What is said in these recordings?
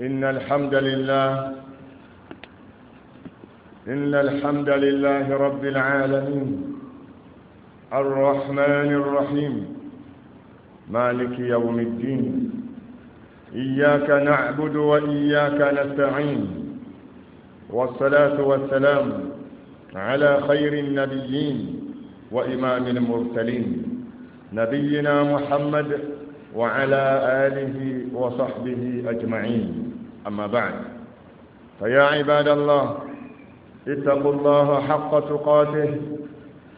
إن الحمد لله إن الحمد لله رب العالمين الرحمن الرحيم مالك يوم الدين إياك نعبد وإياك نستعين والصلاة والسلام على خير النبيين وإمام المرسلين نبينا محمد وعلى آله وصحبه أجمعين أما بعد فيا عباد الله اتقوا الله حق تقاته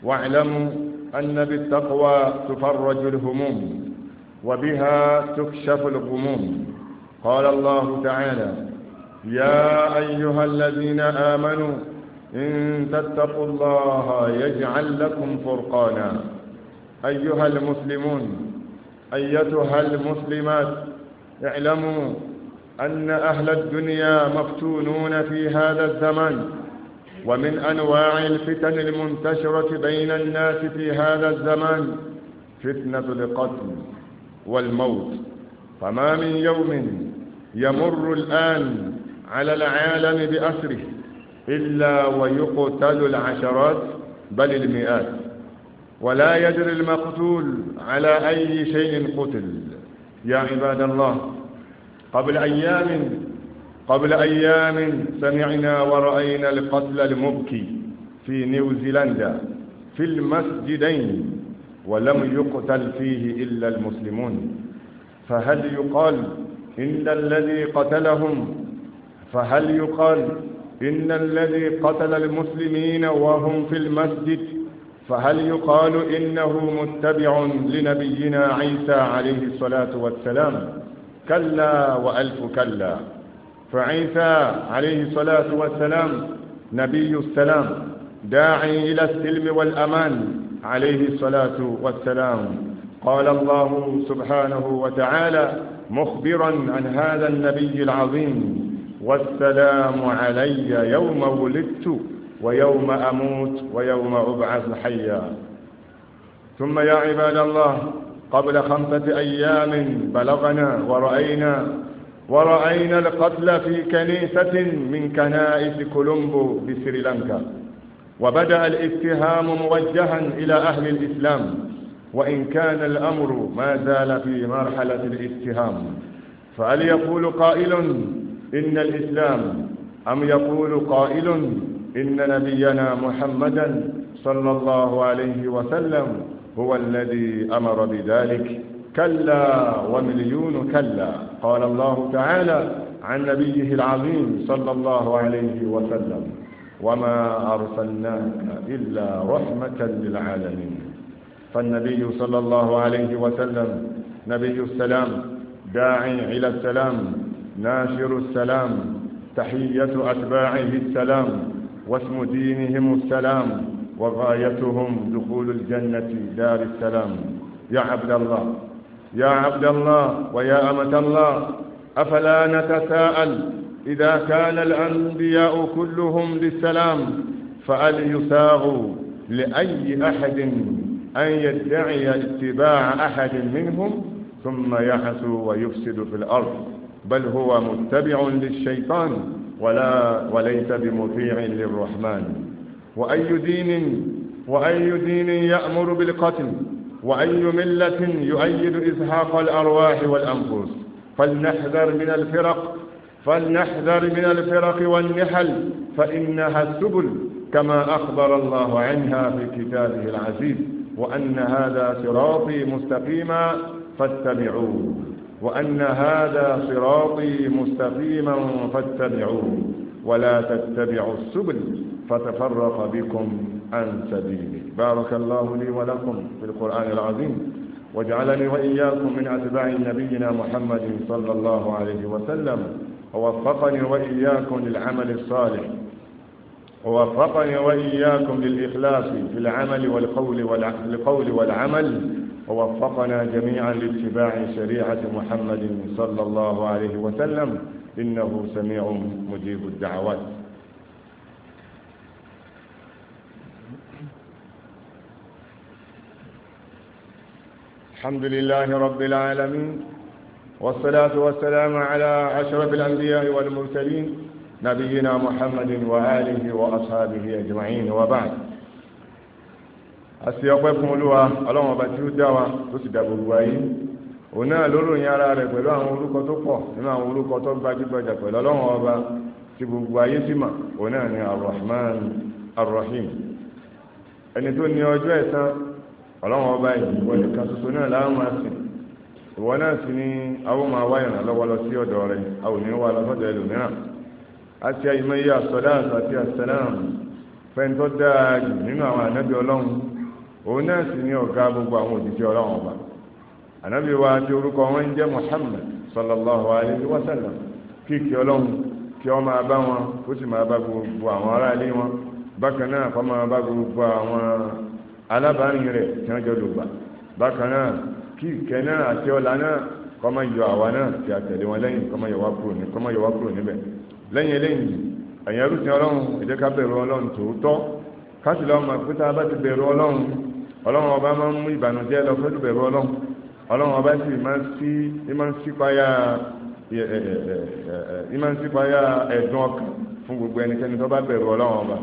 واعلموا أن بالتقوى تفرج الهموم وبها تكشف الغموم قال الله تعالى يا أيها الذين آمنوا إن تتقوا الله يجعل لكم فرقانا أيها المسلمون أيتها المسلمات اعلموا أن أهل الدنيا مفتونون في هذا الزمان ومن أنواع الفتن المنتشرة بين الناس في هذا الزمان فتنة القتل والموت فما من يوم يمر الآن على العالم بأسره إلا ويقتل العشرات بل المئات ولا يدري المقتول على أي شيء قتل يا عباد الله قبل أيام قبل أيام سمعنا ورأينا القتل المبكي في نيوزيلندا في المسجدين ولم يقتل فيه إلا المسلمون فهل يقال إن الذي قتلهم فهل يقال إن الذي قتل المسلمين وهم في المسجد فهل يقال إنه متبع لنبينا عيسى عليه الصلاة والسلام؟ كلا وألف كلا فعيسى عليه الصلاة والسلام نبي السلام داعي إلى السلم والأمان عليه الصلاة والسلام قال الله سبحانه وتعالى مخبرا عن هذا النبي العظيم والسلام علي يوم ولدت ويوم أموت ويوم أبعث حيا ثم يا عباد الله قبل خمسة أيام بلغنا ورأينا ورأينا القتل في كنيسة من كنائس كولومبو بسريلانكا وبدأ الاتهام موجها إلى أهل الإسلام وإن كان الأمر ما زال في مرحلة الاتهام فهل يقول قائل إن الإسلام أم يقول قائل إن نبينا محمدا صلى الله عليه وسلم هو الذي أمر بذلك كلا ومليون كلا قال الله تعالى عن نبيه العظيم صلى الله عليه وسلم وما أرسلناك إلا رحمة للعالمين فالنبي صلى الله عليه وسلم نبي السلام داعي إلى السلام ناشر السلام تحية أتباعه السلام واسم دينهم السلام وغايتهم دخول الجنة دار السلام يا عبد الله يا عبد الله ويا أمة الله أفلا نتساءل إذا كان الأنبياء كلهم للسلام فأل يساغ لأي أحد أن يدعي اتباع أحد منهم ثم يحسو ويفسد في الأرض بل هو متبع للشيطان ولا وليس بمطيع للرحمن وأي دين وأي دين يأمر بالقتل وأي ملة يؤيد إزهاق الأرواح والأنفس فلنحذر من الفرق فلنحذر من الفرق والنحل فإنها السبل كما أخبر الله عنها في كتابه العزيز وأن هذا صراطي مستقيما فاتبعوه وأن هذا صراطي مستقيما فاتبعوه ولا تتبعوا السبل فتفرق بكم عن سبيلي بارك الله لي ولكم في القرآن العظيم واجعلني وإياكم من أتباع نبينا محمد صلى الله عليه وسلم ووفقني وإياكم للعمل الصالح ووفقني وإياكم للإخلاص في العمل والقول والقول والعمل ووفقنا جميعا لاتباع شريعة محمد صلى الله عليه وسلم إنه سميع مجيب الدعوات الحمد لله رب العالمين والصلاة والسلام على أشرف الأنبياء والمرسلين نبينا محمد وآله وأصحابه أجمعين وبعد أسيقكم الله اللهم باتيو دعوة تسدى بلوائي òun náà ló ròyìn ara rẹ̀ pẹ̀lú àwọn orúkọ tó pọ̀ nínú àwọn orúkọ tó gbajúgbajà pẹ̀lú ọlọ́run ọba tí gbogbo ayé sì mà òun ni arrahman arrahim ẹni tó ní ọjọ́ ẹ̀san ọlọ́wọ́n ọba yìí wọ́n lè kan ṣoṣo náà láwọn máa sìn ìwọ náà sì ni àwọn máa wá ìrànlọ́wọ́ lọ sí ọ̀dọ̀ rẹ̀ a ò ní wá lọ sọ́dọ̀ ẹlòmíràn a ti ayé àsọdá àti àsẹlẹ́ràn fẹ́ntọ́ dáa jù nínú àwọn ànábì ọlọ́run òun náà sì ni ọ̀gá gbogbo àwọn òjijì ọlọ́run ọba ànábì wa ti orúkọ wọn ń jẹ́ Muhammad sallallahu alayhi wa sallam kíkì ọlọ́run kí ọ máa bá wọn ó sì máa bá gbogbo àwọn aráalé wọn bákan náà kọ́ máa bá gbogbo àwọn alábàárin rẹ̀ tí wọ́n jọ lò gbà bákan náà kí ìkẹ́ náà àti ọlá náà kọ́mọ yọ àwa náà tí a tẹ̀lé wọn lẹ́yìn kọ́mọ yọ wá kúrò ní kọ́mọ yọ wá kúrò níbẹ̀ lẹ́yìn eléyìí ẹ̀yìn ẹrú ti ọlọ́run ìdẹ́ ká bẹ̀rù ọlọ́run tòótọ́ káṣí lọ́mọ pé tá a ti bẹ̀rù ọlọ́run ọlọ́run ọba máa ń mú ìbànújẹ́ lọ fẹ́ bẹ̀rù ọlọ́run ọlọ́run ọba sì máa ń sípayá ẹ̀dùn ọkàn fún gbogbo ẹnikẹ́ni tó bá bẹ̀rù ọlọ́run ọba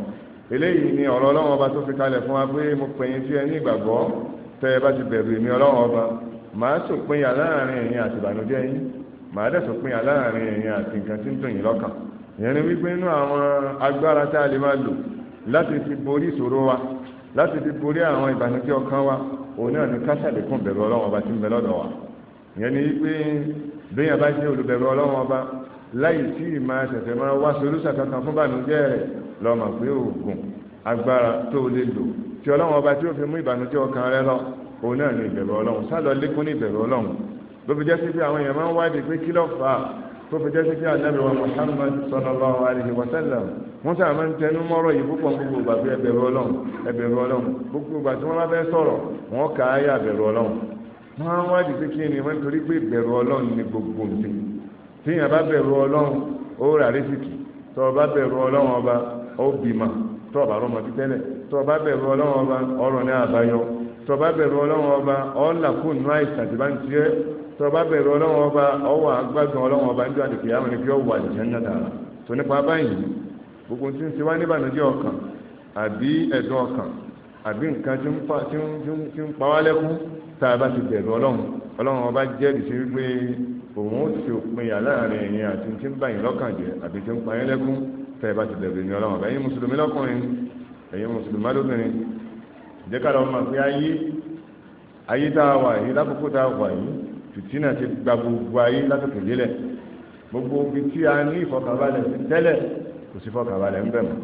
eléyìí ni ọ̀rọ̀ ọlọ́run ọba tó fi kalẹ̀ fún wa pé mo pè yín sí ẹni ìgbàgbọ́ tẹ́ ẹ bá ti bẹ̀rù èmi ọlọ́run ọba màá sòpinya láàrin ẹ̀yin àti ìbànújẹ́ yín màá dẹ̀ sòpinya láàrin ẹ̀yin àti nǹkan tí ń dùn yín lọ́kàn ìyẹn ni wípé inú àwọn agbára tá a lè máa lò láti fi borí ìṣòro wa láti fi borí àwọn ìbànújẹ́ ọkàn wa òun náà ni kásàlékún bẹ̀rù ọlọ́run ọba tí ń bẹ lọ́dọ̀ wa ìyẹn ni wípé bẹ́yìn abájẹ́ olùbẹ̀rù ọlọ́run ọba láì tí ì máa ṣẹ̀ṣẹ̀ máa lọ́mọ pé oògùn agbára tó o lè lò tí ọlọ́run ọba tí ó fi mú ìbànújẹ́ ọkàn rẹ lọ òun náà ní ìbẹ̀rù ọlọ́run sálọ lékún ní ìbẹ̀rù ọlọ́run ló fi jẹ́ sí pé àwọn èèyàn máa ń wádìí pé kí ló fà á tó fi jẹ́ sí pé ànábì wa Muhammad sallallahu alaihi wa sallam wọ́n sábà máa ń tẹnu mọ́rọ̀ yìí púpọ̀ gbogbo ìgbà pé ẹbẹ̀rù ọlọ́run ẹbẹ̀rù ọlọ́run gbogbo ìgbà tí wọ́n bá fẹ́ sọ̀rọ̀ wọ́n kà á yà bẹ̀rù ọlọ́run wọ́n á wádìí pé kí ni wọ́n torí pé bẹ̀rù ọlọ́run ni gbogbo nǹkan tí èèyàn bá bẹ̀rù ọlọ́run ó rà rísìkì tó bá bẹ̀rù ọlọ́run ọba ó bímọ tó bá rọmọ bí tẹ́lẹ̀ tó bá bẹ̀rù ọlọ́run ọba ọ̀rọ̀ ní àbáyọ tó bá bẹ̀rù ọlọ́run ọba ọ̀là kùnú àìsàn tí bá ń tiẹ́ tó bá bẹ̀rù ọlọ́run ọba ọwọ́ agbágan ọlọ́run ọba níjọ́ àdìkì àwọn ẹni bí ó wà nìyẹn náà dára tó nípa báyìí gbogbo tí ń ṣe wá níbànújẹ́ ọkàn àbí ẹ̀dùn ọkàn àbí nǹkan tí ń pa wá lẹ́kún tá a bá ti bẹ̀rù ọlọ́run ọlọ́run ọba jẹ́rìí sí wípé òun ó ti òpin yà láàrin ẹ̀yìn àti tí ń bá lọ́kàn jẹ́ àbí tí ń pa yín lẹ́kún tẹ́ ẹ bá ti bẹ̀rù ní ọlọ́run ẹ̀yin mùsùlùmí lọ́kùnrin ẹ̀yin mùsùlùmí lóbìnrin jẹ́kàlà ọmọ pé ayé ayé tá a wà yìí lákòókò tá a wà yìí fìtínà ti gba gbogbo ayé látòkè délẹ̀ gbogbo ibi tí a ní ìfọkànbalẹ̀ tẹ́lẹ̀ kò sí fọkànbalẹ̀ ń bẹ̀ mọ́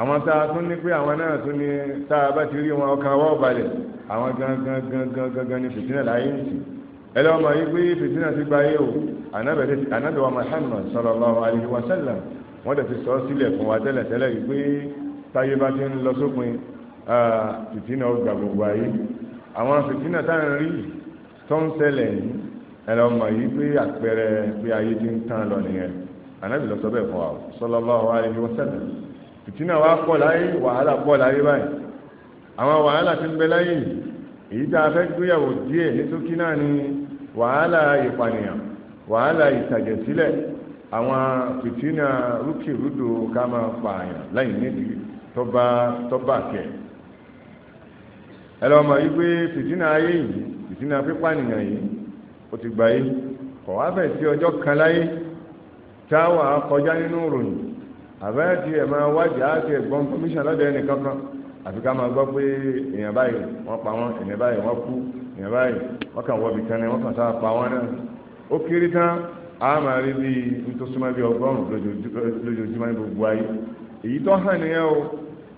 àwọn tá a tún ní pé àwọn náà tún ní tá a bá ti rí wọn ọkàn wọ́ balẹ̀ àwọn gangan sallallahu alaihi wa wọ́n dẹ̀ ti sọ sílẹ̀ fún wa tẹ́lẹ̀ tẹ́lẹ̀ yìí pé táyé bá ti ń lọ sópin fìtínà ó gbà gbogbo ayé àwọn fìtínà tá à ń rí tó ń ṣẹlẹ̀ yìí ẹ̀rọ mọ̀ yìí pé àpẹẹrẹ pé ayé ti ń tán lọ nìyẹn ànábì lọ sọ bẹ́ẹ̀ fún wa sallallahu alaihi wasallam fìtínà wa pọ̀ láyé wàhálà pọ̀ láyé báyìí àwọn wàhálà ti ń bẹ láyé èyí tá a fẹ́ gbéyàwó díẹ̀ ní náà ni wàhálà ìpànìyàn wàhálà ìtàjẹ̀sílẹ̀ àwọn fìtínà rúkèrúdò ká máa pààyàn láì nídìí tọ́ba tọ́ba kẹ̀ ẹ lọ́ mọ̀ wípé fìtínà ayé yìí fìtínà pípànìyàn yìí ó ti gbà yìí kọ̀ wá bẹ̀ sí ọjọ́ kan láyé táwa kọjá nínú ròyìn àbẹ́rẹ́ tí ẹ̀ máa wájà á ti ẹ̀gbọ́n kọmíṣàn lọ́dọ̀ ẹnìkan kan àfi ká máa gbọ́ pé èèyàn báyìí wọ́n pa wọ́n èèyàn báyìí wọ́n kú èèyàn báyìí wọ́n kàn wọ́bi kan náà wọ́n kàn sáà pa wọ́n náà ó kéré tán a máa rí bí ntòsímọ́ bí ọgọ́rùn-ún lójoojúmọ́ ní gbogbo ayé èyí tó hàn nìyẹn o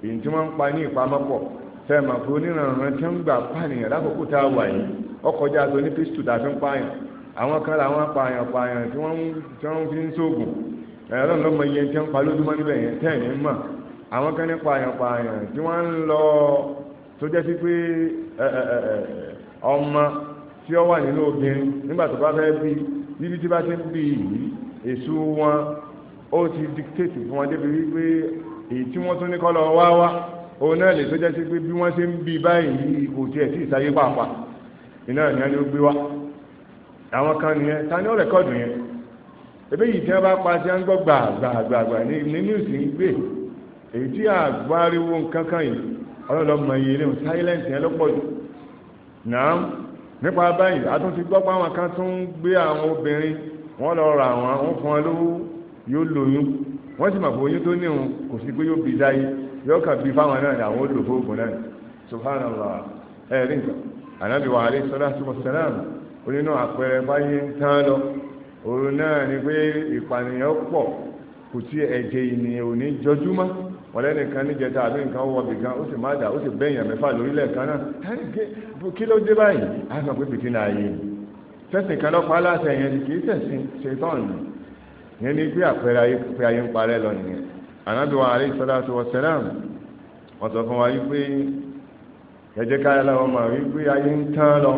èyí tí wọ́n ń pa ní ìpamọ́ pọ̀ fẹ́ mà fún onírànràn tí ń gbà pànìyàn lákòókò tá a wà yìí ọkọjá tó ní kristu tá a fi ń pààyàn àwọn kan làwọn apààyàn pààyàn tí wọ́n fi ń sóògùn ẹ̀rọ ló mọ iye tí wọ́n pa lójúmọ́ níbẹ̀ yẹn tẹ́ẹ̀ní mọ̀ àwọn kan ní pààyàn pààyàn tí wọ́n ń lọ tó jẹ́ sí pé ọmọ tí ó wà nínú obìnrin nígbà tó bá fẹ́ bíi níbi tí bá ti ń bí yìí èso wọn ó ti dictate fún wọn débi wípé èyí tí wọ́n tún ní kọ́lọ̀ wá wá òun náà lè tó jẹ́ sí pé bí wọ́n ṣe ń bí báyìí kò tiẹ̀ tí ìsáyé pàápàá iná ní a ní ó gbé wá àwọn kan nìyẹn ta ni ó rẹ̀kọ́dù yẹn ebe yìí tí wọ́n bá pa tí wọ́n ń gbọ́ gbàgbàgbà ní news ń gbé èyí tí àgbáriwo nǹkan kan yìí ọlọ́lọ́ mọ iye ilé silent yẹn lọ́pọ̀ jù náà nípa báyìí a tún ti gbọ́ pé àwọn kan tún ń gbé àwọn obìnrin wọ́n lọ ra àwọn àwọn fún wọn lówó yóò lóyún wọ́n sì mọ̀ pé oyún tó ní òun kò sí pé yóò bí dáyé yóò kàn bí fáwọn náà àwọn ó lò fóògùn náà subhanallah ẹ̀rí nǹkan ànábì wa alẹ́ sọ́dá tó kọ́ sẹ́láàmù onínú àpẹẹrẹ báyé ń tán lọ òun náà ni pé ìpànìyàn pọ̀ kò tí ẹ̀jẹ̀ ènìyàn ò ní jọjúmọ́ wọ́n lẹ́nìkan níjẹta àbí nǹkan wọ bìkan ó sì má dà ó sì bẹ́yàn mẹ́fà lórílẹ̀ kan náà kí ló dé báyìí á sọ pé bìtì náà yé sẹ́sìn kan lọ́pàá aláṣẹ yẹn kì í sẹ̀sìn ṣetán nù yẹn ni pé àpẹẹrẹ ayé pé ayé ń parẹ́ lọ nìyẹn ànábì wa alayhi salatu wọ́n sọ fún wa yí ẹ̀jẹ̀ káyà lọ́wọ́ máa wí ayé ń tán lọ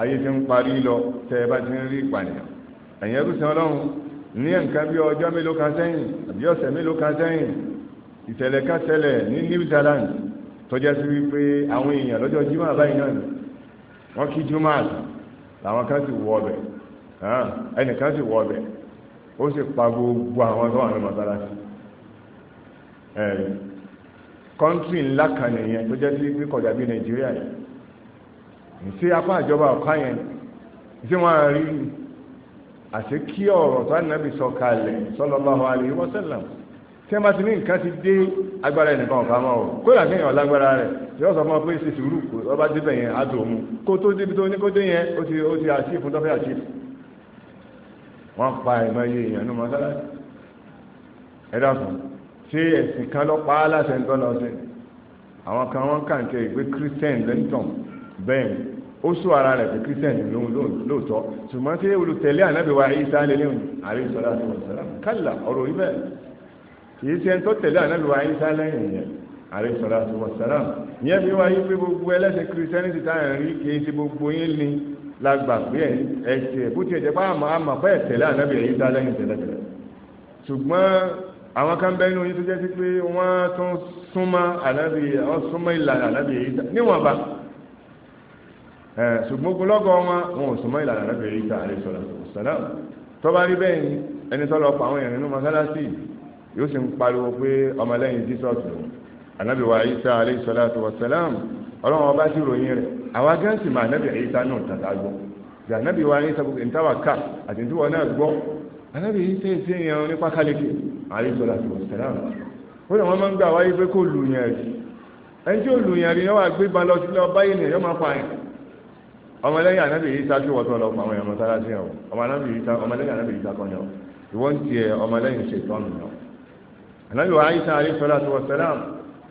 ayé ti ń parí lọ tẹ́ ẹ bá ti ń rí ìpànìyàn ẹ̀yẹ́rú ọlọ́run ní nǹkan bí ọjọ́ mélòó kan sẹ́yìn àbí ọ̀sẹ̀ mélòó kan sẹ́yìn ìṣẹ̀lẹ̀ kan ṣẹlẹ̀ ní New Zealand tọ́jà sí wípé àwọn èèyàn lọ́jọ́ jimá báyìí náà ni wọ́n kí jimá làwọn kan sì wọ ọbẹ̀ ẹnìkan sì wọ ọbẹ̀ ó sì pa gbogbo àwọn tó wà ní mọ́sálásí kọ́ńtì ńlá kan nìyẹn tó jẹ́ sí pé kọjá bí Nàìjíríà yìí ṣé apá ìjọba ọ̀ká yẹn ṣé wọ́n á rí àṣekí ọ̀rọ̀ tó ànábì sọ kalẹ̀ sallallahu alaihi wasallam tí wọ́n bá ti ní nǹkan ti dé agbára ẹnìkan ọ̀fà máa ọ̀ kó làkẹ́ yàn lágbára rẹ̀ yóò sọ fún ọ pé ṣe sùúrù kó ọba débẹ̀ yẹn á dùn òun kó tó débi tó ní kó dé yẹn ó ti ó ti àṣì fún tọ́fẹ́ àṣì wọ́n pa ìmọ̀ iye èèyàn ní mọ́sálásí ẹ dákun ṣé ẹ̀sìn kan lọ pa á láṣẹ ń tọ́lọ sí àwọn kan wọ́n kà ń kẹ́ ìgbé Christian lẹ́ńtọ̀n bẹ́ẹ̀ ó sọ ara rẹ̀ pé Christian lóhun lóòótọ́ ṣùgbọ́n ṣé olùtẹ̀lé ànábìwá Ìsá lélẹ́hùn àríṣọ́lá àti wọ̀ṣọ́lá kálà ọ̀rọ̀ yìí bẹ́ẹ̀ kìí ṣe ń tó tẹ̀lé ànábì wa Ìsá lẹ́yìn yẹn àrẹ sọ̀rọ̀ àti wọ̀sánà yẹn fi wáyé pé gbogbo ẹlẹ́sìn kìrìsìtẹ́nìtì tá à ń rí kìí ṣe gbogbo yín ni la gbà pé ẹsẹ̀ bó tiẹ̀ jẹ́ pé àmọ́ àmọ́ bẹ́ẹ̀ tẹ̀lé ànábì Ìsá lẹ́yìn tẹ̀lé tẹ̀lé ṣùgbọ́n àwọn kan bẹ́ẹ̀ nínú yín tó jẹ́ sí pé wọ́n tún súnmọ́ ànábì wọ́n súnmọ́ ìlànà ànábì Ìsá níwọ̀nba ṣùgbọ́n ogunlọ́gọ̀ wọn wọn ò yóò sì ń pariwo pé ọmọlẹ́yìn Jesus lòun anabi wa isa aleyhi salatu wa salam ọlọ́run ọba sì ròyìn rẹ̀ àwa gán sì máa anabi isa náà tàtà gbọ́ bí anabi wa isa gbogbo ìtawà ká àti ìtúwọ̀ náà gbọ́ anabi isa ìṣe yẹn nípa kálíkì aleyhi salatu wa salam ó lè wọ́n máa ń gbà wáyé pé kó lu yẹn rí ẹni tí ó lu yẹn rí yẹn wà gbé ba lọ sílẹ̀ ọba yìí nìyẹn yóò máa pa yẹn ọmọlẹ́yìn anabi isa tí wọ́n tọ́ lọ pa àwọn èèyàn mọ́tálásí yẹn o ọmọlẹ́yìn anabi isa kan yẹn o ìwọ́n ti ẹ ọmọlẹ́yìn ṣètọ́nù yẹn o ànábì wa Àìṣà alayhi salatu wa salam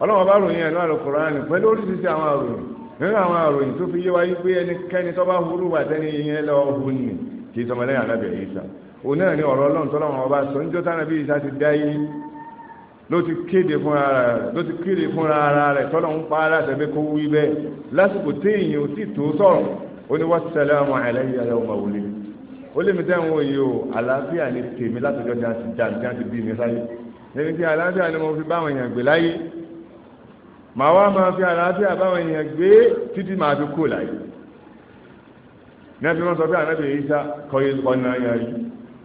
ọlọ́wọ́n bá ròyìn ẹ̀nú àlùkùránì pẹ̀lú oríṣiríṣi àwọn àròyìn nínú àwọn àròyìn tó fi yé wáyé pé ẹnikẹ́ni tó bá hurú wà tẹ́ni ìyẹn lọ hù ní kì í sọmọlẹ́yìn ànábì Àìṣà òun náà ni ọ̀rọ̀ Ọlọ́run tó lọ́wọ́n ọba sọ níjọ́ tánàbí Àìṣà ti dáyé ló ti kéde fúnra rẹ̀ ló ti kéde fúnra ara rẹ̀ tọ́lọ̀ ń pa ara tẹ̀bẹ́ kó wí bẹ́ẹ̀ lásìkò téèyàn ò sì tó sọ̀rọ̀ níbi tí àlàáfíà ni mo fi báwọn èèyàn gbé láyé màá wá máa fi àlàáfíà báwọn èèyàn gbé títí màá fi kú láyé nẹ́bí wọn sọ pé ànábì Ìsá kọyé ọ̀nà yẹn rí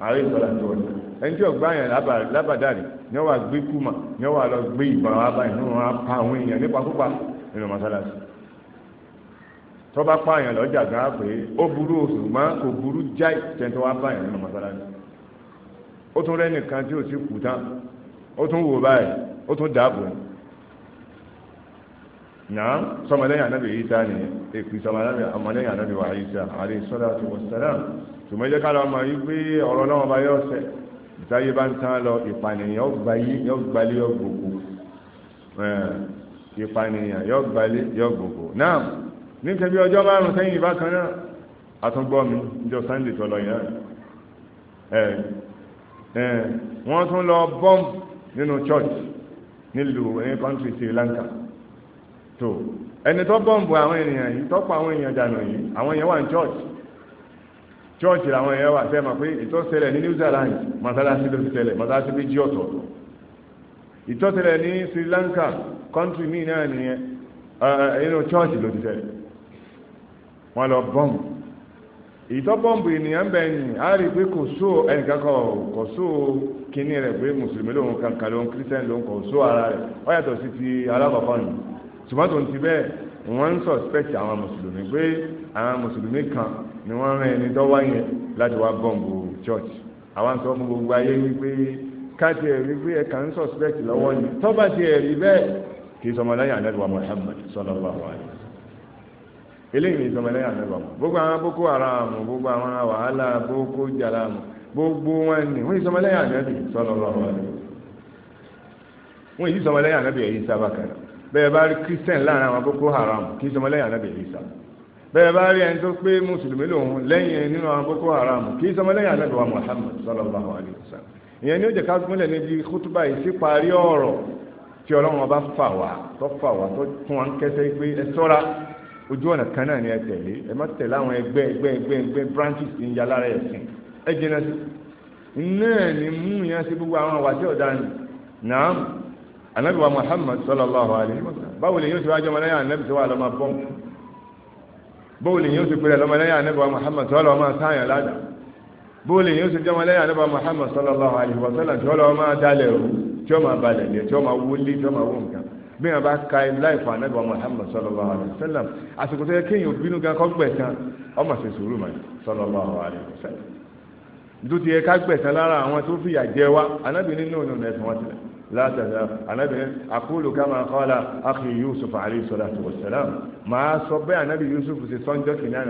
ààrẹ ìsọ̀lá tó ọ̀nà ẹni tí ọ̀gbá yẹn lábàdàrí ni wọ́n wá gbé kúmà ni wọ́n wá lọ gbé ìbọn wa báyìí ni wọ́n á pa àwọn èèyàn nípa púpà nínú mọ́sálásí tọ́ba pààyàn lọ́jà gan pé ó burú oṣù mọ́ kò burú jáì tẹ́ntọ́ wá pààyàn nínú mọ́sálásí ó tún rẹ́ nìkan tí ò sí kú tán ó tún wò báyìí ó tún dàbò náà na anábì Ìsá ni èpì sọmọlẹ́yìn anábì wà Ìsá alayhi salatu wassalam tùmọ̀ jẹ́ ká lọ mọ̀ pé ọ̀rọ̀ náà bá yọ ọ̀sẹ̀ ìtayé bá ń tán lọ ìpànìyàn yọ gbalé yọ gbogbo ìpànìyàn yọ gbalé yọ gbogbo náà ní kẹbí ọjọ́ márùn-ún sẹ́yìn ìbákan náà àtúngbọ́ mi wọ́n tún lọ nínú church nílùú ní country Sri Lanka So, ẹni tó bọ́ǹbù àwọn ènìyàn yìí tọ́pọ̀ àwọn èèyàn dànù yìí àwọn èèyàn wà ní church church làwọn èèyàn wà sẹ́ẹ̀ mọ̀ pé ìtọ́sẹ̀lẹ̀ ní New Zealand mọ́sálásí ló ti tẹ̀lẹ̀ mọ́sálásí méjì ọ̀tọ̀ọ̀tọ̀ ìtọ́sẹ̀lẹ̀ ní Sri Lanka country míì náà nìyẹn inú church ló ti tẹ̀lẹ̀ wọ́n lọ bọ́ǹbù ìtọ́pọ̀nbù ènìyàn bẹ̀ ni a rí pé kò só ẹnìkankan kò só kíní rẹ̀ pé mùsùlùmí lòun kankan lòun kírísítẹ́nì lòun kò só ara rẹ̀ ó yàtọ̀ sí ti alákọ̀ọ́kọ́ nù ṣùgbọ́n tó ń ti bẹ́ẹ̀ wọ́n ń sọ̀spẹ́tì àwọn mùsùlùmí pé àwọn mùsùlùmí kan ni wọ́n rán ẹni dọ́wọ́ yẹn láti wá bọ́ǹbù church àwọn sọ fún gbogbo ayé wípé káàtì ẹ̀rí pé ẹ̀ka ń sọ̀spẹ́tì lọ́wọ́ ni tọ́ba ti ẹ̀rí bẹ́ẹ̀ kì í sọmọláyà àdàlùwà Muhammad sallallahu alaihi eléyìí ni ìsọmọlẹ́yà mẹ́bà mọ́ gbogbo àwọn boko haram gbogbo àwọn wàhálà boko jaram gbogbo wọn ni wọ́n ìsọmọlẹ́yà ànábì sallallahu alaihi wọ́n èyí ìsọmọlẹ́yà ànábì ẹ̀yìn sábà kẹrẹ bẹ́ẹ̀ bá rí christian láàrin àwọn boko haram kì í sọmọlẹ́yà ànábì ẹ̀yìn sábà bẹ́ẹ̀ bá rí ẹni tó pé mùsùlùmí lòun lẹ́yìn nínú àwọn boko haram kì í sọmọlẹ́yìn ànábì wa muhammad sallallahu alaihi wasallam ìyẹn ni ó jẹ́ ká gúnlẹ̀ níbi kútúbà yìí sí parí ọ̀rọ̀ tí ọlọ́run ọba fà wá tó fà wá tó tún wa ń kẹ́sẹ́ pé ẹ sọ́ra ojú ọ̀nà kan náà ni ẹ tẹ̀lé ẹ má tẹ̀lé àwọn ẹgbẹ́ ẹgbẹ́ ẹgbẹ́ ẹgbẹ́ branches ti ń ya lára ẹ̀sìn ẹ jìnnà sí náà ni mú yẹn sí gbogbo àwọn àwàtí ọ̀daràn náà anabi wa Muhammad sallallahu alayhi wa sallam báwo lè yóò ṣe wájú ọmọlẹ́yìn anabi tó wà lọ́mọ bọ́m báwo lè yóò ṣe pèrè lọ́mọlẹ́yìn anabi wa Muhammad tó lọ́mọ sáyẹn ládàá báwo lè yóò ṣe jọmọlẹ́yìn anabi wa Muhammad sallallahu alayhi wa sallam tó lọ́mọ dálẹ̀ rú tí ó máa balẹ̀ lé tí ó máa wúlé tí ó máa wú nǹkan bí wọn bá ka ilé ìfọ̀ anábì wa Muhammad sallallahu alayhi wa sallam àsìkò tó yẹ kéèyàn bínú gan kọ́ gbẹ̀sán ọmọ ṣe sùúrù mọ́ sallallahu alayhi wa sallam nítorí yẹ ká gbẹ̀sán lára àwọn tó fìyà jẹ wa anábì nínú ònà ọ̀nà ẹ̀sìn wọn tilẹ̀ látàdá anábì ní aqulu kama qala akhi Yusuf alayhi salatu wa salam máa sọ bẹ́ẹ̀ anábì Yusuf ṣe sọ́njọ́ kìnìún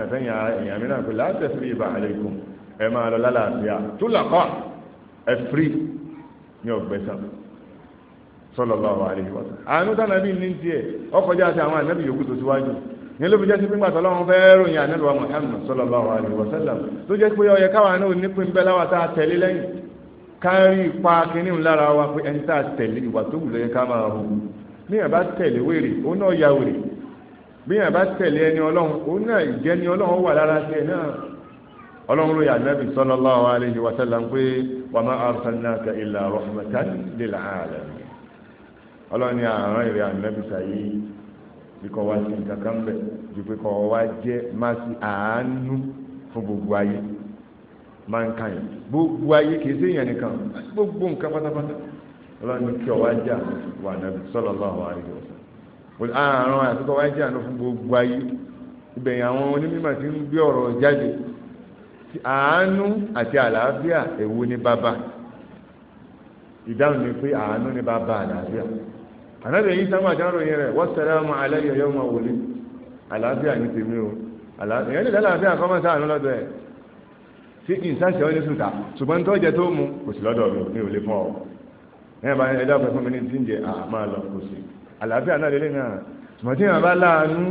àtẹ̀yìn sallallahu alaihi wa sallam àánú tánà bí ní tiẹ̀ ọkọjá àti àwọn ànábì yòókù tó síwájú ní ló fi jẹ́ sí pé gbàtọ́ lọ́wọ́ fẹ́ ròyìn ànábì wa Muhammad sallallahu alaihi wa sallam tó jẹ́ pé ọyẹ káwa náà ní pín bẹ́ẹ̀ láwa tá a tẹ̀lé lẹ́yìn kárí ipa kínní lára wa pé ẹni tá a tẹ̀lé ìwà tó wù lẹ́yìn ká máa hù bí yàn bá tẹ̀lé wèrè òun náà ya wèrè bí yàn ọlọ́run ní àrán ìrẹ́ ànábìsà yìí bí kò wá sí nǹkan kan bẹ̀ ju pé kò wá jẹ́ má sí àánú fún gbogbo ayé máa ń kàn yín gbogbo ayé kìí sí èèyàn nìkan gbogbo nǹkan pátápátá ọlọ́run ní kí ọ wá jẹ́ àánú fún ànábì sallallahu alaihi wasallam àrán àti kò wá jẹ́ àánú fún gbogbo ayé ibẹ̀ yẹn àwọn onímọ̀ ti ń gbé ọ̀rọ̀ jáde àánú àti àlàáfíà èwo ni bàbá ìdáhùn ni pé àánú ni bàbá àlàáfíà ànábì yìí sábà járó yẹn rẹ̀ wọ́n sẹ́rẹ́ ọmọ alẹ́ yọ̀yọ́ ọmọ wòlé àlàáfíà ní tèmi o èèyàn lè lálàáfíà kọ́ mọ́ sáà ní lọ́dọ̀ ẹ̀ tí ìsáṣẹ́ ọ́nì sùtà ṣùgbọ́n tó jẹ tó mu kò sí lọ́dọ̀ mi mi ò lè fọ́ ọ ẹ̀yìn bá ẹ̀dá ọ̀fẹ́ fún mi ní ti ń jẹ àmà lọ kò sí àlàáfíà náà lélẹ́ náà ṣùgbọ́n tí ìyàbá láàánú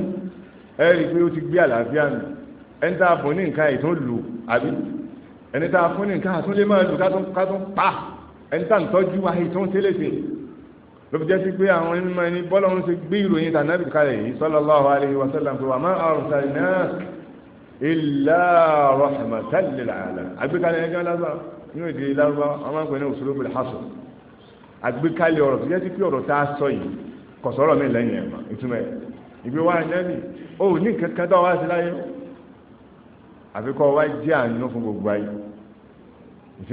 ẹ rí i pé ó ti gbé àlàáfíà nù ẹni tá a fún ní nǹkan ìtún lù àbí ẹni tá a fún ní nǹkan àtúnlé máa lù ká tún pa ẹni tá à ń tọ́jú wa ìtún tẹ́lẹ̀ sí ló fi jẹ́ sí pé àwọn onímọ̀ ẹni bọ́lá ń ṣe gbé ìròyìn tànàbì kalẹ̀ yìí sallallahu alaihi wa sallam pé wa ma arsalnaka illa rahmatan lil alamin àgbékalẹ̀ ẹjọ́ lásán ní èdè lárúbáwá wọn máa ń pè ní usulubul hasr àgbékalẹ̀ ọ̀rọ̀ tó jẹ́ sí pé ọ̀rọ̀ tá a sọ yìí kò sọ̀rọ̀ mi lẹ́yìn ẹ̀ mọ́ ìtumọ̀ ẹ̀ ìgbé wa nẹ́bì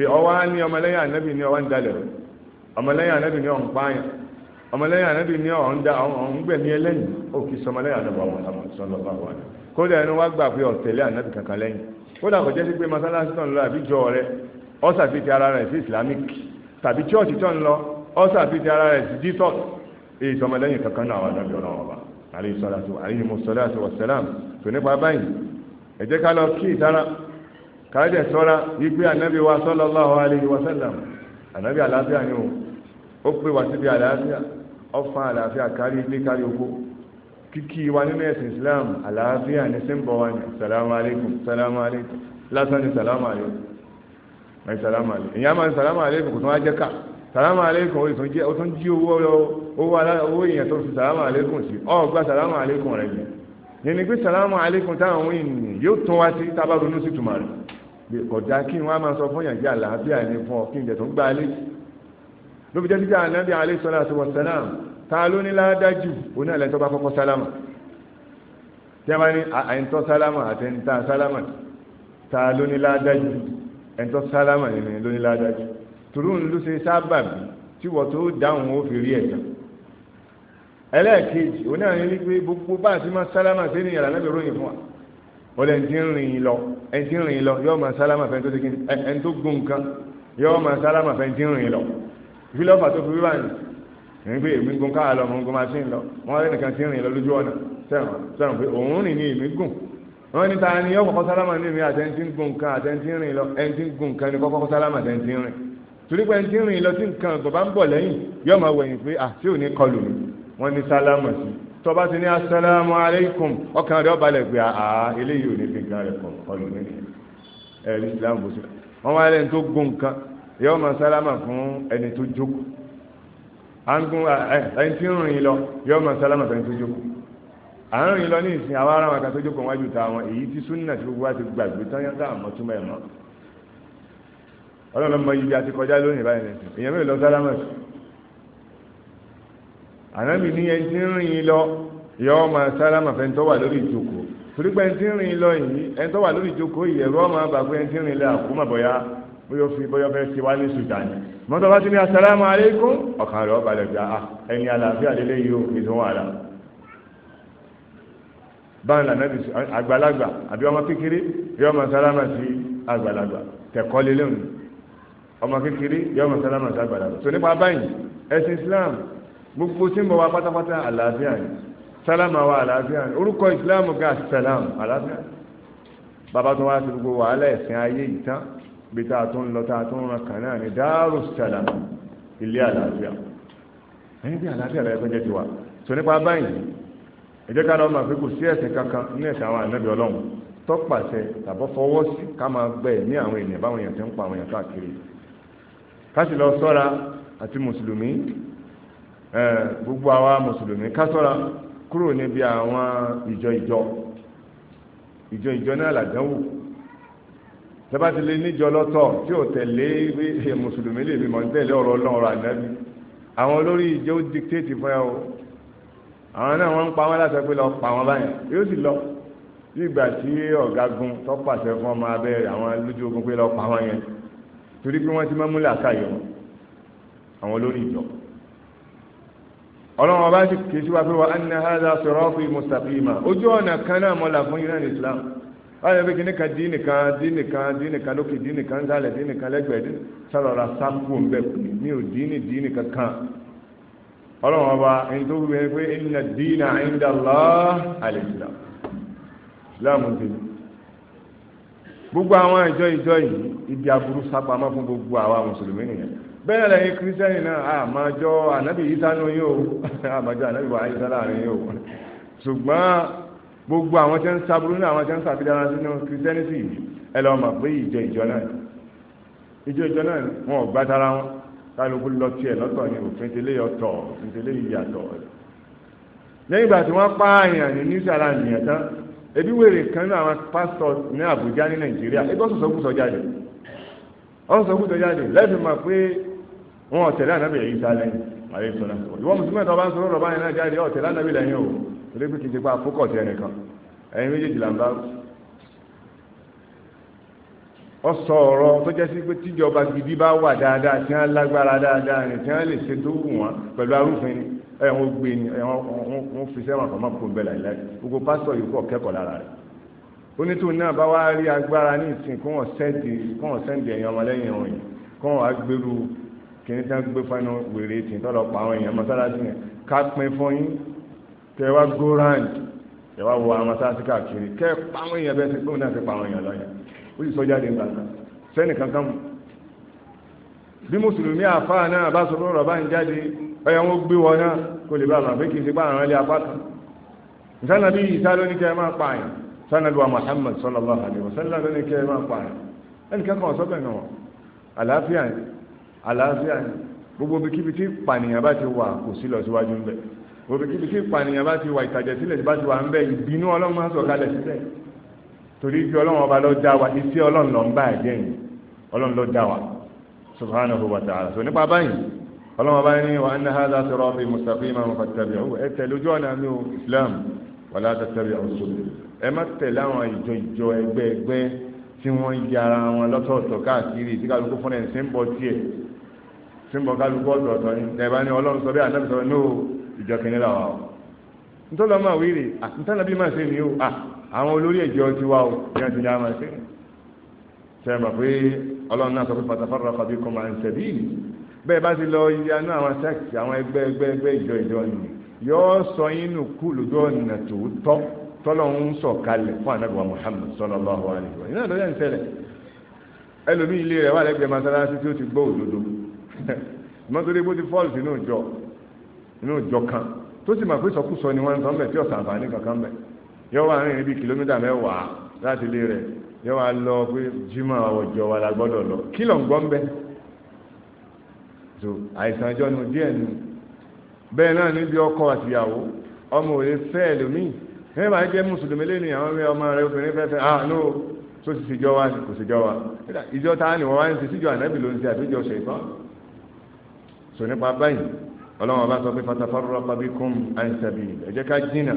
ó ọmọlẹ́yìn ànábì ní ọwọ́ ń dalẹ̀ ọmọlẹ́yìn ọmọlẹ́yìn ànábì ní ọ̀hún dá ọ̀hún gbẹ̀mí ẹlẹ́yìn ó kì í sọmọlẹ́yìn ànábì ọmọ ọmọ sọlọ bá wà ní kódà ẹnu wá gbà pé ọ̀tẹ̀lẹ́ ànábì kankan lẹ́yìn kódà kò jẹ́ sí pé masalasi tó ń lọ àbí jọ rẹ ọ̀sà fi ti ara rẹ̀ sí islamic tàbí church tó ń lọ ọ̀sà fi ti ara rẹ̀ sí jesus èyí sọmọlẹ́yìn kankan náà wà lọ́bí ọ̀nà ọ̀bà àlẹ́ ìsọ̀lá ànábì àlàáfíà ni o ó pè wá síbi àlàáfíà ọfà àlàáfíà kárí ilé kárí oko kíkí wa nínú ẹ̀sìn islam àlàáfíà ní símbọ̀ wa ní salamu alaikum salamu alaikum lásán ní salamu alaikum ẹ̀ salamu alaikum ìyá máa ń salamu alaikum kò tún wá jẹ́ ká salamu alaikum ó tún jí owó èèyàn tó fi salamu alaikum sí ọ gba salamu alaikum rẹ̀ yẹn yẹni pé salamu alaikum táwọn ènìyàn yóò tún wá sí tábàrún ní sí tùmọ̀ rẹ̀ kódà kí wọ́n máa sọ fún yànjẹ́ àlàáfíà ní fún ọ kí n jẹ̀ tó ń gbá alẹ́ ló fi jẹ́ síbi ànábì alayhi salatu wa salam ta ló ní ládájú oní àlẹ́ tó bá kọ́kọ́ sálámà tí a bá ní àìntọ́ sálámà àti ẹ̀ńtà sálámà ta ló ní ládájú ẹ̀ńtọ́ sálámà nínú ló ní ládájú tòrú ń ló ṣe sábàbí tí wọ́n tó dáhùn ó fi rí ẹ̀ta ẹlẹ́ẹ̀kejì oní àná ní pé gbogbo bá àti máa sálámà sí ènìyàn lànà bẹ̀rù òyìn fún wa ó lẹ́ ẹ̀ńtí rìn rìn lọ yọ́ọ́ máa sálámà fẹ́ńtó gùn kan yọ́ọ́ máa sálámà fẹ́ńtí rìn lọ kí lọ́fà tó fi wíwá yìí èmi pé èmi gun káà lọ mo ń gun machine lọ wọn rẹ nìkan ti rìn lọ lójú ọ̀nà sẹ́wọ̀n sẹ́wọ̀n pé òun rìn ní èmi gùn wọn ní ta ni yọ kọ́kọ́ sálámà ní èmi àtẹ̀ntì ń gun nǹkan àtẹ̀ntì ń rìn lọ ẹ̀ntì ń gun nǹkan ní kọ́kọ́ sálámà àtẹ̀ntì ń rìn torí pé ẹ̀ntì ń rìn lọ tí nǹkan ọ̀gbọ̀n bá ń bọ̀ lẹ́yìn yọ máa wẹ̀yìn pé à tí ò kọlù mi wọn ní sálámà sí tó ti ní asálámù aleikum ọkàn rẹ̀ ọba lẹ̀ pé àá eléyìí ò ní fi nǹkan rẹ̀ kọlù mi ẹ̀rí ìsìlámù bó ṣe wọ́n wá lẹ́ni tó gun nǹkan yóò máa sálámà fún ẹni tó jókòó angun ẹni tí ń rìn lọ yóò máa sálámà fún ẹni tó jókòó à ń rìn lọ ní ìsìn àwọn ará wọn kan tó jókòó wájú ta wọn èyí tí súnà tí gbogbo wa ti gbàgbé tán yá dáhà mọ́ túmọ̀ ẹ̀ mọ́ ọlọ́run mọ ibi àti kọjá lónìí báyìí nìsín èèyàn mẹ́rin lọ sálámà sí ànábì ní ẹni tí ń rìn lọ yóò máa sálámà fún ẹni tó wà lórí ìjókòó torí ẹni tí ń rìn lọ yìí ẹni tó wà lórí ìjókòó yìí ẹ̀rọ máa bà ẹni tí ń rìn lọ àkómọ̀bọ̀yá bóyá fi bóyá fẹ́ ṣe wá ní sudan mọ́tò bá ti ní asalaamu aleykum ọkàn rẹ̀ ọba lẹ́gbẹ̀ẹ́ ah ẹni àlàáfíà lélẹ́ yìí ó ní tó wà lá báyìí lànà bí àgbàlagbà àbí ọmọ kékeré yóò máa sálámà sí àgbàlagbà tẹ̀kọ́ lélẹ́hùn ọmọ kékeré yóò máa sálámà sí àgbàlagbà tó nípa báyìí ẹ̀sìn Islam gbogbo tí ń bọ̀ wá pátápátá àlàáfíà ni sálámà wa àlàáfíà ni orúkọ Islam ga sàlám àlàáfíà bàbá tó wá sí gbogbo wàhálà ẹ̀sìn ayé ìtàn bí tá a tún lọ tá a tún ràn kàn náà ní dáàrú sàlám ilé àlàáfíà ẹni bí àlàáfíà lọ ẹgbẹ́ jẹ́ ti wà tó nípa báyìí ẹ jẹ́ ká lọ máa fi kò sí ẹ̀sìn kankan ní ẹ̀sìn àwọn ànábì ọlọ́run tọ́pàṣẹ tàbọ́ fọwọ́ sí ká máa gbẹ ní àwọn ènìyàn báwọn èèyàn ti ń pa àwọn èèyàn káàkiri ká lọ sọ́ra àti mùsùlùmí gbogbo àwa mùsùlùmí ká sọ́ra kúrò níbi àwọn ìjọ ìjọ ìjọ ìjọ náà làdánwò tẹ́bá ti lé níjọ lọ́tọ̀ tí ò tẹ̀lé wí mùsùlùmí lè bímọ tẹ̀lé ọ̀rọ̀ ọlọ́run ànábì àwọn olórí ìjẹ́ ó dictate fún ẹ o àwọn náà wọ́n ń pa wọ́n láṣẹ pé lọ pa wọ́n báyìí yóò sì lọ nígbà tí ọ̀gágun tó pàṣẹ fún ọmọ abẹ́rẹ́ àwọn lójú ogun pé lọ pa wọ́n yẹn torí pé wọ́n ti máa múlẹ̀ àkàyọ̀ àwọn olórí ìjọ ọlọ́run ọba sì kì í sí wa pé wa anna hadha ayọ̀ pé kíní kan ka nìkan dín nìkan dín nìkan lókè dín nìkan sálẹ̀ dín kan lẹ́gbẹ̀ẹ́ dín sálọ̀ra sáfù ń bẹ̀ mi o dín ní dín kan ọlọ́run ọba gbogbo ibi gbogbo bẹ́ẹ̀ lẹ́yìn kírísítẹ́nì náà yìí yìí o yìí o gbogbo àwọn tí ń saburú ní àwọn tí ń sàfidára sínú christianity yìí ẹ lọ mọ̀ pé ìjọ ìjọ náà ìjọ ìjọ náà wọn ò gbá tara wọn kálukú lọ tiẹ̀ lọ́tọ̀ ni òfin tẹ́lẹ̀ ọ̀tọ̀ òfin tẹ́lẹ̀ ìyàtọ̀ lẹ́yìn ìgbà tí wọ́n pa àyàn ní new zealand yẹn tán ebi wèrè kan ní àwọn pásítọ̀ ní àbújá ní nàìjíríà ebi ọ̀sọ̀sọ̀ kùsọ̀ jáde ọ̀sọ̀sọ̀ kùsọ̀ jáde lẹ́sìn mọ̀ pé wọn ọ̀tẹ̀lẹ̀ ànábìyẹ̀ yìí sálẹ̀ àyè sọ̀rọ̀ ìwọ́n mùsùlùmí ẹ̀tọ́ bá ń sọ̀rọ̀ báyìí náà jáde ọ̀tẹ̀lẹ̀ ànábìyẹ̀ lẹ́yìn o torí pé kìí ṣe pa fókọ̀sì ẹnìkan ẹ̀yin méjèèjì là ń bá ọ sọ ọ̀rọ̀ tó jẹ́ sí pé tíjọba gidi bá wà dáadáa tí wọ́n lágbára dáadáa ni tí wọ́n lè ṣe tó wù wọ́n pẹ̀lú arúfin ni ẹ̀wọ̀n gbé ni ẹ̀wọ̀n fi sẹ́wọ̀n fọmọ́ kó bẹ́ẹ̀ láìláì gbogbo pásítọ̀ yìí kọ̀ kẹ́kọ̀ọ́ lára rẹ̀ onítòun náà bá wá rí agbára ní ìsìn kó wọ́n sẹ́ǹdì kó wọ́n sẹ́ǹdì ẹ̀yàn ọmọlẹ́yìn wọn yìí kó wọ́n agbèrú kìnìún tí wọ́n gbé fún ẹnu wèrè tìǹtọ́lọ́pàá àwọn èèyàn mọ́sálásí yẹn ká pin fún yín tẹwa góran tẹwa wọ amasasi káàkiri kẹ pàwọn èèyàn bẹ́ẹ̀ ti pé òun náà ti pàwọn èèyàn lọ́yẹ̀ ó sì sọ́jà dé gbàgbà sẹ́ni kankan mu bí mùsùlùmí àfáà náà bá sọ fún rọ̀bá ń jáde ọyọ wọn gbé wọn náà kó lè bá àwọn àbẹ́ kìí ṣe bá àwọn ilé apá kan ìsànàbí ìsá lóní kẹ́ máa pa àyàn sànàbí wa Muhammad sallallahu alaihi wasallam lóní kẹ́ ẹ máa pa àyàn ẹnì kẹ́kọ̀ọ́ sọ́bẹ̀ náà àlàáfíà ni àlàáfíà ni gbogbo bí kíbi tí pànìyàn bá ti wà kò sí lọ síwájú ń bẹ̀rẹ̀ òbí kíbi tí ìpànìyàn bá ti wà ìtàjẹ̀ sílẹ̀ tí bá ti wà ń bẹ ìbínú ọlọ́run máa ń sọ̀kalẹ̀ sílẹ̀ torí bí ọlọ́run ọba ló dá wa iṣẹ́ ọlọ́run ló ń bá ẹ̀jẹ̀ yìí ọlọ́run ló dá wa subhanahu wa ta'ala so nípa báyìí ọlọ́run ọba ní wa anna hadha sirati mustaqiman fattabi'uhu ẹ tẹ̀lé ojú ọ̀nà mi ò islam wala tattabi'u subul ẹ má tẹ̀lé àwọn ìjọ ìjọ ẹgbẹ́ ẹgbẹ́ tí wọ́n yára wọn lọ́tọ̀ọ̀tọ̀ káàkiri tí kálukú fúnra ẹ̀ ń sìn bọ́ tiẹ̀ sìn bọ́ kálukú ọ̀tọ̀ọ̀tọ̀ ni ẹ̀ bá ní ọlọ́run sọ bẹ́ẹ̀ ànábì sọ bẹ́ẹ̀ ní o ìjọ kìíní làwọn o nítorí ọmọ àwírí nítorí bí máa ṣe ni o àwọn olórí ìjọ ti wá o bí wọn ti dá máa ṣe ṣe mọ̀ pé ọlọ́run náà sọ pé pàtàkàrọ̀ kàbí kọ́ máa ń ṣẹ̀bí bẹ́ẹ̀ bá ti lọ yanú àwọn sẹ́ẹ̀kì àwọn ẹgbẹ́ ẹgbẹ́ ẹgbẹ́ ìjọ ìjọ ni yóò sọ yín nù kú lójú ọ̀nà tòótọ́ tọ́lọ́run sọ kalẹ̀ fún anábìwá Muhammad sallallahu alaihi wa iná lọ́yà ń ṣẹlẹ̀ ẹlòmí ilé rẹ̀ wà lẹ́gbẹ̀ẹ́ masalasi tí ó ti gbọ́ òdodo mọ́tò dé bó ti fọ́ọ̀lù sínú inú ìjọ kan tó sì mọ̀ pé sọkúsọ ni wọ́n ń sọ ń bẹ̀ tí ọ̀sán àǹfààní kankan bẹ̀ yọ wá rìn níbi kìlómítà mẹ́wàá láti ilé rẹ̀ yọ wá lọ pé jimá ọjọ́ wa la gbọ́dọ̀ lọ kí lọ ń gbọ́ ń bẹ́ so àìsàn ọjọ́ nu díẹ̀ nu bẹ́ẹ̀ náà níbi ọkọ àtìyàwó ọmọ òye fẹ́ ẹlòmíì ẹ máa jẹ́ mùsùlùmí lẹ́nu àwọn ọmọ ọmọ rẹ obìnrin fẹ́ fẹ́ ah no tó ti ṣèjọ wa kò ṣèjọ wa ìjọ ta ni wọ́n wá ń ṣe síjọ ànábì ló ń ṣe àbíjọ ṣèkọ́ so nípa báyìí ọlọ́wọ́n bá sọ pé fatafarraqa bikum an sabil ẹ jẹ́ ká jìnnà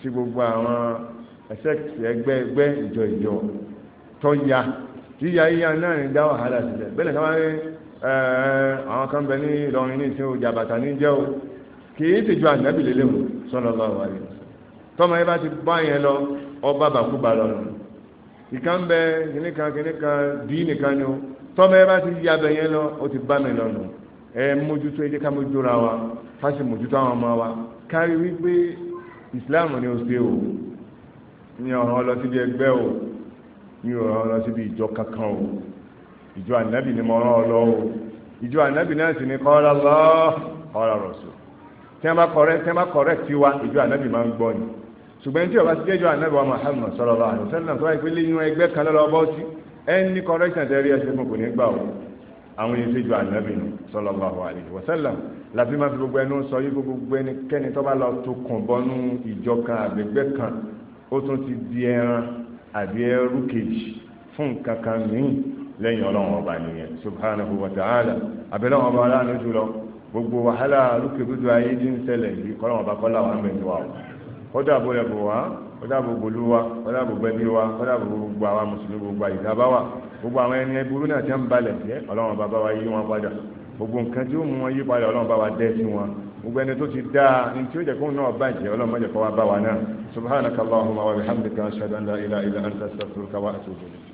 sí gbogbo àwọn ẹsẹ̀kì ẹgbẹ́ ẹgbẹ́ ìjọ ìjọ tó ya tí ya yíya náà ní dá wàhálà sílẹ̀ bẹ́ẹ̀ lẹ́ka wáyé àwọn kan bẹ ní Ìlọrin ní ìsìn òjà bàtà ní jẹ́ o kì í tìjú ànábì lélẹ̀ o sallallahu alaihi wasallam tọ́mọ yẹn bá ti bá yẹn lọ ọba bàkúbà lọ nù ìkan bẹ kìnìkan kìnìkan dì í nìkan ni o tọ́mọ yẹn bá ti yabẹ yẹn lọ ó ti bá mi lọ nù ẹ mójútó ẹ jẹ́ ká mójútó ra wa ká sì mójútó àwọn ọmọ wa kárí wípé islam ni ó ṣe o ní ọ̀ràn lọ síbi ẹgbẹ́ o ní ọ̀ràn lọ síbi ìjọ kankan o ìjọ ànábì ni mo rán ọ lọ o ìjọ ànábì náà sì ni qala Allah qala rasul tí wọ́n bá kọ̀rẹ́ tí wọ́n bá kọ̀rẹ́ tí wa ìjọ ànábì máa ń gbọ́ ni ṣùgbọ́n tí ọba ti jẹ́jọ́ ànábì wa Muhammad sallallahu alaihi wasallam tó wáyé pé lẹ́yìn ẹgbẹ́ kan lọ́wọ́ bọ́ sí ẹni correction tẹ́rí ẹsẹ̀ fún kò ní gbà o àwọn èyí síjú ànábì nù sallallahu alaihi wasallam láti máa fi gbogbo ẹnu sọ yí gbogbo ẹnikẹ́ni tó bá lọ tó kàn bọ́nú ìjọ kan àgbègbè kan ó tún ti di ẹran àbí ẹrú kejì fún nǹkan kan míì lẹ́yìn ọlọ́run ọba nìyẹn subhanahu wa ta'ala àbẹ̀lẹ́ ọba aláàánú jùlọ gbogbo wàhálà rúkèrúdò ayé ti ń ṣẹlẹ̀ yìí kọ́lọ́run ọba kọ́lá wàá mẹ́tọ́ wa ó dàbò ẹ̀bùn wa ó wa ó dàbò gbẹ̀bí wa ó dàbò gbogbo àwa mùsùlùmí gbogbo àyíká bá wà gbogbo àwọn ẹni ẹbúrú náà ti ń balẹ̀ jẹ́ ọlọ́run bàbá wa yí wọn padà gbogbo nǹkan tí ó mú wọn yí padà ọlọ́run bá wa dẹ́ sí wọn gbogbo ẹni tó ti dáa ní tí ó jẹ́ kó náà bàjẹ́ ọlọ́run má kó wá bá wa náà subhanaka allahumma wa bihamdika ashhadu an la ilaha illa anta astaghfiruka wa atubu ilayk